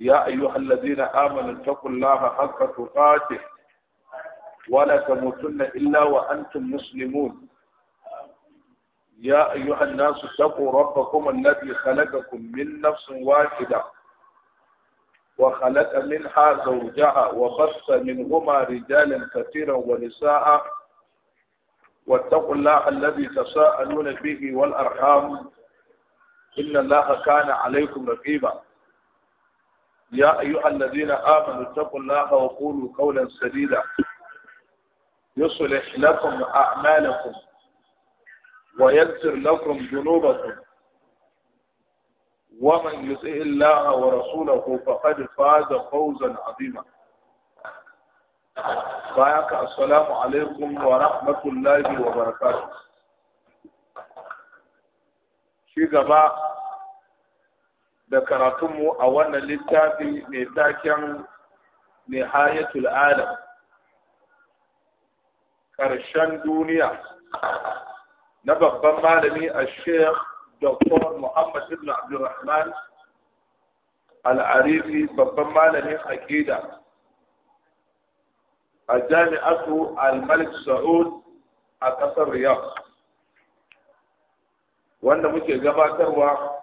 يا أيها الذين آمنوا اتقوا الله حق تقاته ولا تموتن إلا وأنتم مسلمون يا أيها الناس اتقوا ربكم الذي خلقكم من نفس واحدة وخلق منها زوجها وبث منهما رجالا كثيرا ونساء واتقوا الله الذي تساءلون به والأرحام إن الله كان عليكم رقيبا يا أيها الذين آمنوا اتقوا الله وقولوا قولا سديدا يصلح لكم أعمالكم ويغفر لكم ذنوبكم ومن يطع الله ورسوله فقد فاز فوزا عظيما بارك السلام عليكم ورحمة الله وبركاته شيء da karatunmu a wannan littafi mai taken nihayatul alam ƙarshen duniya na babban malami a sheikh dr muhammad ibn abdulrahman al'arifi babban malamin aƙida a jami'atu al-malik sa'ud a ƙasar riyadh wanda muke gabatarwa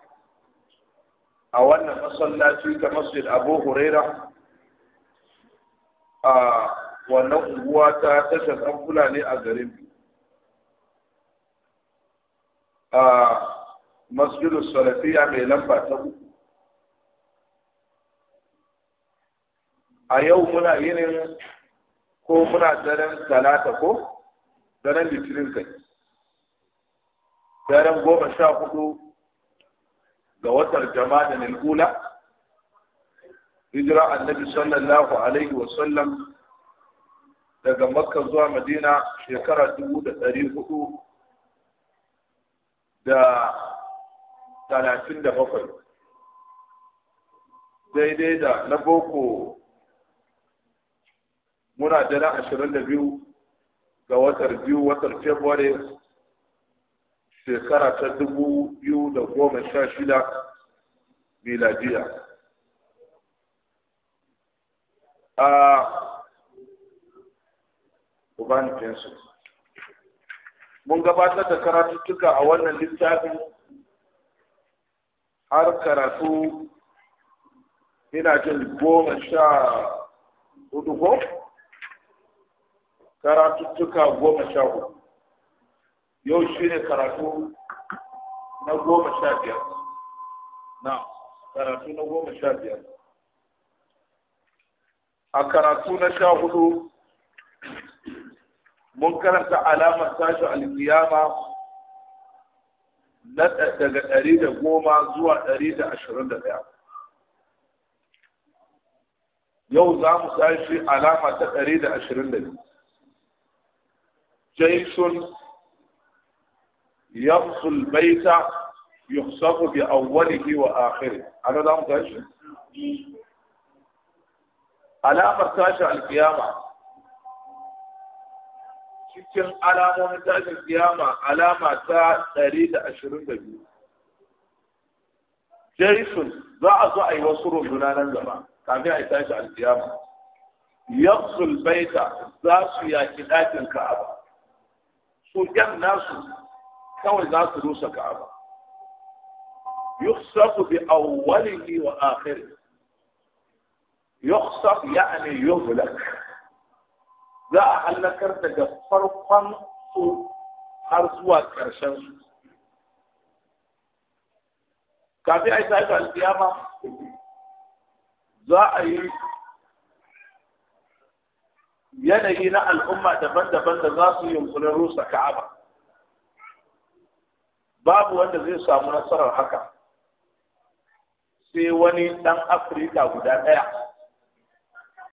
a wannan masallaci ta masjid abu huraira a wannan unguwa ta tashar ɗan fulani a garin a masjidu salafiya mai lamba ta uku a yau muna yin ko muna daren talata ko daren litinin kai daren goma sha hudu ga watar jama'a na ula hijira annabi sallallahu alaihi wa sallam daga makka zuwa madina shekara dubu da ɗari hudu da talatin da bakwai daidai da na boko muna dana ashirin da biyu ga watar biyu watar february shekara ta dubu biyu da goma sha shida miladiya a ubanitinsu mun gabatar da karatuttuka a wannan littafin har karatu ina jin goma sha hudu ko karatuttuka goma sha hudu yau shi ne karatu na goma sha biyar na karatu na goma sha biyar a karatu na sha hudu mun karanta alamar tashi alkiyama na daga ɗari da goma zuwa ɗari da ashirin da ɗaya yau za mu tashi alama ta ɗari da ashirin da biyu jason يخص البيت يخصف بأوله وآخره هذا دعم تهش على مرتاشة القيامة شكرا على مرتاشة القيامة على ما تا تريد أشرون بي جيس ضعف أي وصر جنانا زمان كان في عتاشة القيامة يخص البيت ذات في عتاشة الكعبة سوريا الناس كون ذات روس الكعبة يخصف بأوله وآخره يخصف يعني يهلك لا أحل كرتك فرقا أرزوات كرشن كافي أي سايد القيامة ذا أي ينهينا الأمة دفن دفن ذاتي يمكن الروس كعبه babu wanda zai samu nasarar haka sai wani dan afirka guda ɗaya